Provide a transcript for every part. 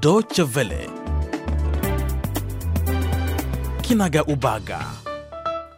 Deutsche Welle, kinaga ubaga.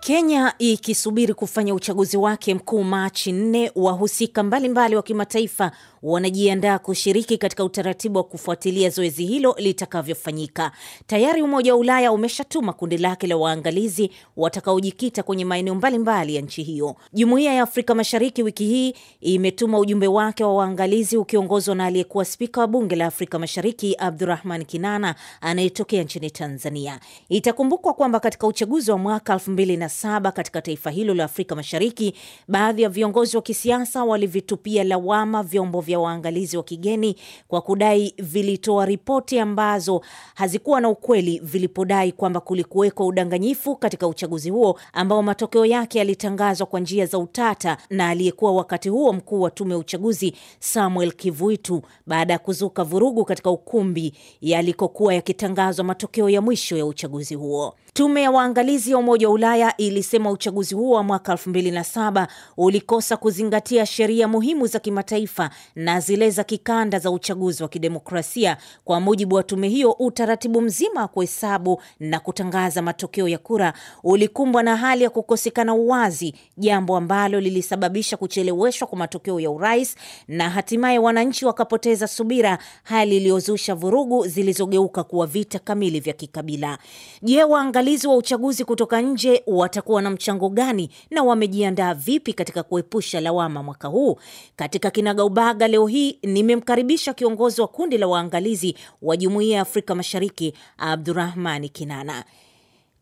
Kenya ikisubiri kufanya uchaguzi wake mkuu Machi nne, wahusika mbalimbali wa kimataifa wanajiandaa kushiriki katika utaratibu wa kufuatilia zoezi hilo litakavyofanyika. Tayari Umoja wa Ulaya umeshatuma kundi lake la waangalizi watakaojikita kwenye maeneo mbalimbali ya nchi hiyo. Jumuiya ya Afrika Mashariki wiki hii imetuma ujumbe wake wa waangalizi ukiongozwa na aliyekuwa spika wa bunge la Afrika Mashariki Abdurahman Kinana anayetokea nchini Tanzania. Itakumbukwa kwamba katika uchaguzi wa mwaka elfu mbili na saba katika taifa hilo la Afrika Mashariki, baadhi ya viongozi wa kisiasa walivitupia lawama vyombo vya waangalizi wa kigeni kwa kudai vilitoa ripoti ambazo hazikuwa na ukweli vilipodai kwamba kulikuwekwa udanganyifu katika uchaguzi huo ambao matokeo yake yalitangazwa kwa njia za utata na aliyekuwa wakati huo mkuu wa tume ya uchaguzi Samuel Kivuitu, baada ya kuzuka vurugu katika ukumbi yalikokuwa yakitangazwa matokeo ya mwisho ya uchaguzi huo. Tume ya waangalizi ya Umoja wa Ulaya ilisema uchaguzi huo wa mwaka 2007 ulikosa kuzingatia sheria muhimu za kimataifa na zile za kikanda za uchaguzi wa kidemokrasia. Kwa mujibu wa tume hiyo, utaratibu mzima wa kuhesabu na kutangaza matokeo ya kura ulikumbwa na hali ya kukosekana uwazi, jambo ambalo lilisababisha kucheleweshwa kwa matokeo ya urais na hatimaye wananchi wakapoteza subira, hali iliyozusha vurugu zilizogeuka kuwa vita kamili vya kikabila. Je, waangalizi wa uchaguzi kutoka nje watakuwa na mchango gani na wamejiandaa vipi katika kuepusha lawama mwaka huu? Katika kinagaubaga leo hii nimemkaribisha kiongozi wa kundi la waangalizi wa jumuiya ya Afrika Mashariki, Abdurahmani Kinana.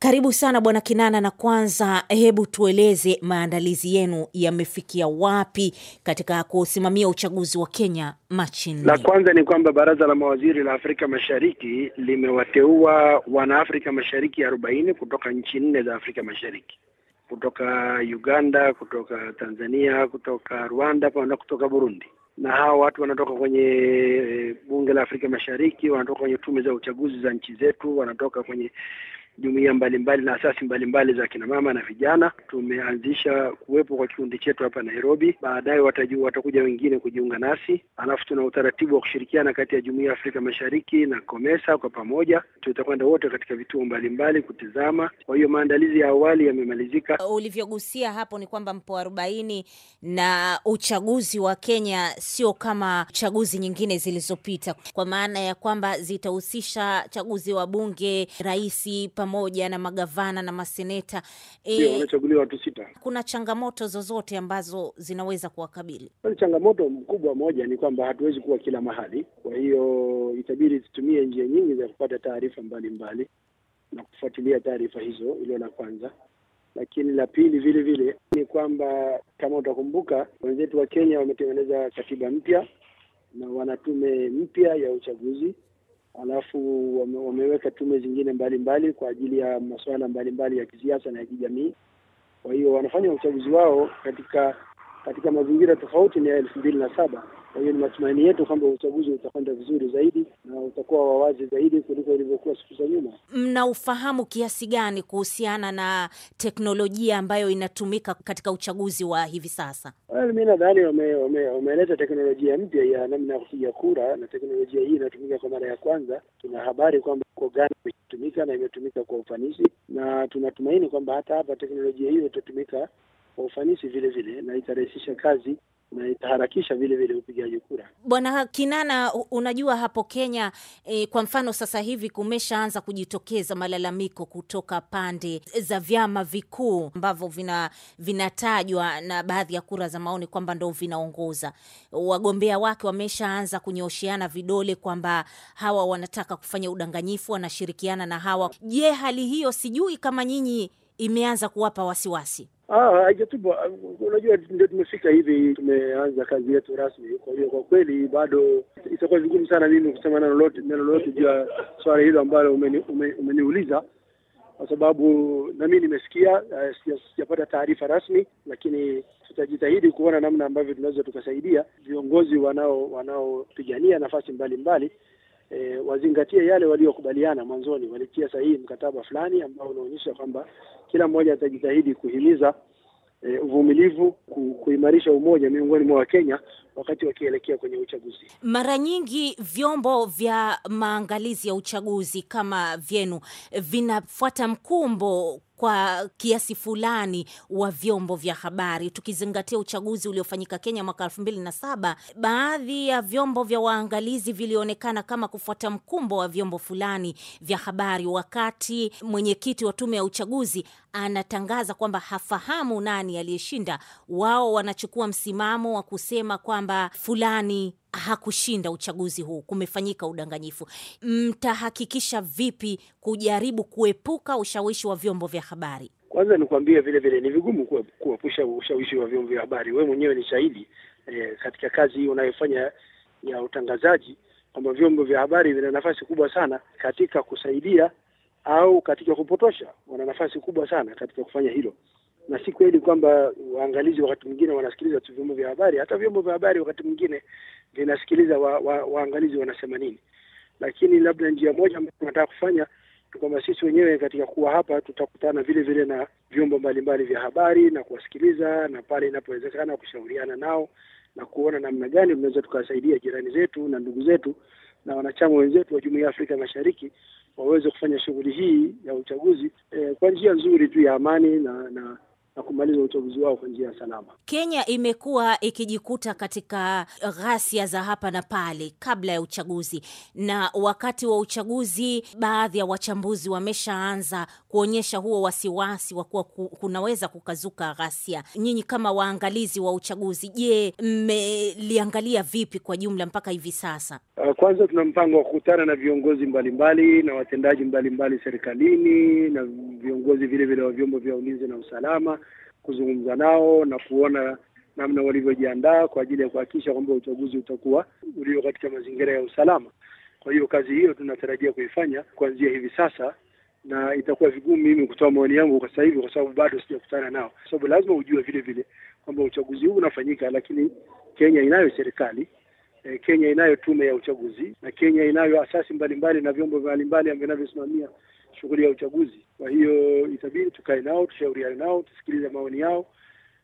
Karibu sana Bwana Kinana, na kwanza hebu tueleze maandalizi yenu yamefikia wapi katika kusimamia uchaguzi wa Kenya Machi nne? La kwanza ni kwamba baraza la mawaziri la Afrika Mashariki limewateua wanaafrika Mashariki arobaini kutoka nchi nne za Afrika Mashariki, kutoka Uganda, kutoka Tanzania, kutoka Rwanda pamoja na kutoka Burundi na hawa watu wanatoka kwenye eh, bunge la Afrika Mashariki, wanatoka kwenye tume za uchaguzi za nchi zetu, wanatoka kwenye jumuiya mbalimbali na asasi mbalimbali za kinamama na vijana. Tumeanzisha kuwepo kwa kikundi chetu hapa Nairobi, baadaye watajua watakuja wengine kujiunga nasi, alafu tuna utaratibu wa kushirikiana kati ya jumuiya ya Afrika Mashariki na COMESA. Kwa pamoja tutakwenda wote katika vituo mbalimbali kutizama. Kwa hiyo maandalizi ya awali yamemalizika. Ulivyogusia hapo ni kwamba mpo arobaini na uchaguzi wa Kenya sio kama chaguzi nyingine zilizopita, kwa maana ya kwamba zitahusisha chaguzi wa bunge, raisi pamoja na magavana na maseneta e, wanachaguliwa watu sita. Kuna changamoto zozote ambazo zinaweza kuwakabili? Changamoto mkubwa moja ni kwamba hatuwezi kuwa kila mahali, kwa hiyo itabidi tutumie njia nyingi za kupata taarifa mbalimbali na kufuatilia taarifa hizo. Hilo la kwanza, lakini la pili vile vile ni kwamba kama utakumbuka, wenzetu wa Kenya wametengeneza katiba mpya na wana tume mpya ya uchaguzi alafu wame, wameweka tume zingine mbalimbali mbali kwa ajili ya masuala mbalimbali ya kisiasa na ya kijamii. Kwa hiyo wanafanya uchaguzi wao katika katika mazingira tofauti na ya elfu mbili na saba. Kwa hiyo ni matumaini yetu kwamba uchaguzi utakwenda vizuri zaidi na utakuwa wa wazi zaidi kuliko ilivyokuwa siku za nyuma. Mna ufahamu kiasi gani kuhusiana na teknolojia ambayo inatumika katika uchaguzi wa hivi sasa? Well, mi nadhani wameleta ume, ume teknolojia mpya ya namna ya kupiga kura, na teknolojia hii inatumika kwa mara ya kwanza. Tuna habari kwamba uko gani imetumika na imetumika kwa ufanisi, na tunatumaini kwamba hata hapa teknolojia hiyo itatumika kwa ufanisi vile vile na itarahisisha kazi na itaharakisha vile vile upigaji kura. Bwana Kinana, unajua hapo Kenya e, kwa mfano sasa hivi kumeshaanza kujitokeza malalamiko kutoka pande za vyama vikuu ambavyo vina vinatajwa na baadhi ya kura za maoni kwamba ndo vinaongoza. Wagombea wake wameshaanza kunyoosheana vidole kwamba hawa wanataka kufanya udanganyifu, wanashirikiana na hawa. Je, hali hiyo sijui kama nyinyi imeanza kuwapa wasiwasi? Ah, Haijatupa, unajua ndio tumefika hivi, tumeanza kazi yetu rasmi. Kwa hiyo kwa kweli bado itakuwa vigumu sana mimi kusema neno lolote neno lolote juu ya swali hilo ambalo umeniuliza, kwa sababu na mimi nimesikia, eh, sijapata taarifa rasmi, lakini tutajitahidi kuona namna ambavyo tunaweza tukasaidia viongozi wanao wanaopigania nafasi mbalimbali mbali e, wazingatie yale waliokubaliana mwanzoni. Walitia sahihi mkataba fulani ambao unaonyesha kwamba kila mmoja atajitahidi kuhimiza E, uvumilivu ku, kuimarisha umoja miongoni mwa Wakenya wakati wakielekea kwenye uchaguzi. Mara nyingi vyombo vya maangalizi ya uchaguzi kama vyenu vinafuata mkumbo kwa kiasi fulani wa vyombo vya habari, tukizingatia uchaguzi uliofanyika Kenya mwaka elfu mbili na saba. Baadhi ya vyombo vya waangalizi vilionekana kama kufuata mkumbo wa vyombo fulani vya habari, wakati mwenyekiti wa tume ya uchaguzi anatangaza kwamba hafahamu nani aliyeshinda, wao wanachukua msimamo wa kusema kwamba fulani hakushinda uchaguzi huu, kumefanyika udanganyifu, mtahakikisha vipi kujaribu kuepuka ushawishi wa vyombo vya habari? Kwanza nikuambie vile vile ni vigumu kuepusha ushawishi wa vyombo vya habari. Wewe mwenyewe ni shahidi e, katika kazi hii unayofanya ya utangazaji kwamba vyombo vya habari vina nafasi kubwa sana katika kusaidia au katika kupotosha, wana nafasi kubwa sana katika kufanya hilo na si kweli kwamba waangalizi wakati mwingine wanasikiliza tu vyombo vya habari. Hata vyombo vya habari wakati mwingine vinasikiliza wa, wa, waangalizi wanasema nini, lakini labda njia moja ambayo tunataka kufanya ni kwamba sisi wenyewe katika kuwa hapa tutakutana vile vile na vyombo mbalimbali vya habari na kuwasikiliza, na pale inapowezekana kushauriana nao na kuona namna gani tunaweza tukawasaidia jirani zetu na ndugu zetu na wanachama wenzetu wa Jumuiya ya Afrika Mashariki waweze kufanya shughuli hii ya uchaguzi eh, kwa njia nzuri tu ya amani na na na kumaliza uchaguzi wao kwa njia ya salama. Kenya imekuwa ikijikuta katika ghasia za hapa na pale kabla ya uchaguzi na wakati wa uchaguzi, baadhi ya wachambuzi wameshaanza kuonyesha huo wasiwasi wa kuwa kunaweza kukazuka ghasia. Nyinyi kama waangalizi wa uchaguzi, je, mmeliangalia vipi kwa jumla mpaka hivi sasa? Uh, kwanza tuna mpango wa kukutana na viongozi mbalimbali mbali, na watendaji mbalimbali mbali serikalini na viongozi vilevile wa vyombo vya ulinzi na usalama kuzungumza nao na kuona namna walivyojiandaa kwa ajili ya kuhakikisha kwamba uchaguzi utakuwa ulio katika mazingira ya usalama. Kwa hiyo kazi hiyo tunatarajia kuifanya kuanzia hivi sasa, na itakuwa vigumu mimi kutoa maoni yangu kwa sasa hivi, kwa sababu bado sijakutana nao, kwa sababu lazima ujue vile vile kwamba uchaguzi huu unafanyika, lakini Kenya inayo serikali E, Kenya inayo tume ya uchaguzi na Kenya inayo asasi mbalimbali na vyombo mbalimbali vinavyosimamia shughuli ya uchaguzi. Kwa hiyo itabidi tukae nao, tushauriane nao, tusikilize maoni yao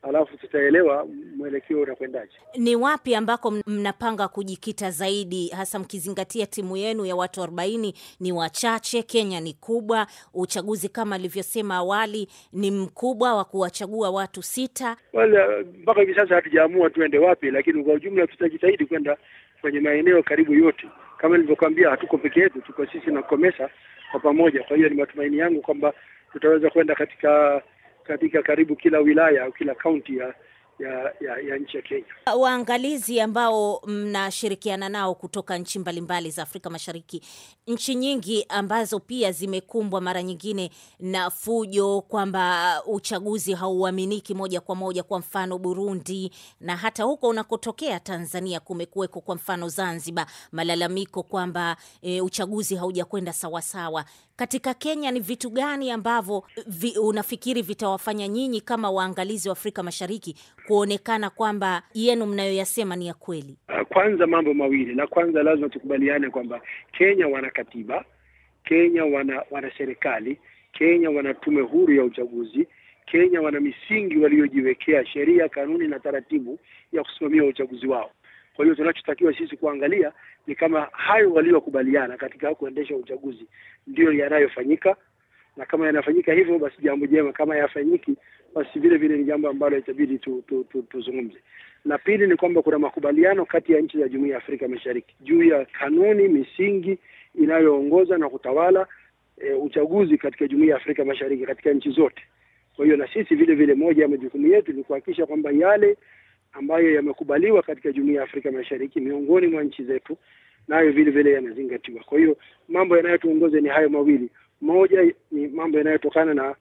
alafu tutaelewa mwelekeo unakwendaje. Ni wapi ambako mnapanga kujikita zaidi, hasa mkizingatia timu yenu ya watu arobaini ni wachache, Kenya ni kubwa, uchaguzi kama alivyosema awali ni mkubwa wa kuwachagua watu sita. Wala mpaka hivi sasa hatujaamua tuende wapi, lakini kwa ujumla tutajitahidi kwenda kwenye maeneo karibu yote. Kama nilivyokwambia, hatuko peke yetu, tuko sisi na Komesa kwa pamoja. Kwa hiyo ni matumaini yangu kwamba tutaweza kwenda katika katika karibu kila wilaya au kila kaunti ya ya, ya, ya nchi ya Kenya. Waangalizi ambao mnashirikiana nao kutoka nchi mbalimbali za Afrika Mashariki, nchi nyingi ambazo pia zimekumbwa mara nyingine na fujo, kwamba uchaguzi hauaminiki moja kwa moja, kwa mfano Burundi, na hata huko unakotokea Tanzania kumekuweko, kwa mfano Zanzibar, malalamiko kwamba e, uchaguzi haujakwenda sawasawa. Katika Kenya ni vitu gani ambavyo vi, unafikiri vitawafanya nyinyi kama waangalizi wa Afrika Mashariki kuonekana kwamba yenu mnayoyasema ni ya kweli? Ah, kwanza mambo mawili, la kwanza lazima tukubaliane kwamba Kenya wana katiba, Kenya wana wana serikali, Kenya wana tume huru ya uchaguzi, Kenya wana misingi waliojiwekea, sheria, kanuni na taratibu ya kusimamia uchaguzi wao. Kwa hiyo tunachotakiwa sisi kuangalia ni kama hayo waliokubaliana katika kuendesha uchaguzi ndiyo yanayofanyika, na kama yanafanyika hivyo basi jambo jema, kama yafanyiki basi vile vile ni jambo ambalo itabidi tuzungumze tu, tu, la pili ni kwamba kuna makubaliano kati ya nchi za Jumuiya ya Afrika Mashariki juu ya kanuni, misingi inayoongoza na kutawala e, uchaguzi katika Jumuiya ya Afrika Mashariki katika nchi zote. Kwa hiyo na sisi vile vile moja ya majukumu yetu ni kuhakikisha kwamba yale ambayo yamekubaliwa katika Jumuiya ya Afrika Mashariki miongoni mwa nchi zetu nayo vile vile yanazingatiwa. Kwa hiyo mambo yanayotuongoza ni hayo mawili. Moja ni mambo yanayotokana na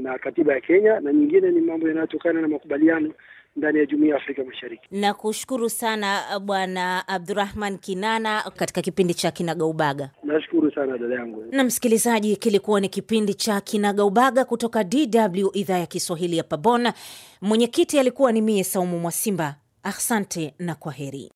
na katiba ya Kenya na nyingine ni mambo yanayotokana na makubaliano ndani ya Jumuiya ya Afrika Mashariki. Nakushukuru sana uh, Bwana Abdurrahman Kinana katika kipindi cha Kinagaubaga. Nashukuru sana dada yangu. Na msikilizaji, kilikuwa ni kipindi cha Kinagaubaga kutoka DW idhaa ya Kiswahili ya Pabona. Mwenyekiti alikuwa ni mie Saumu Mwasimba. Asante na kwaheri.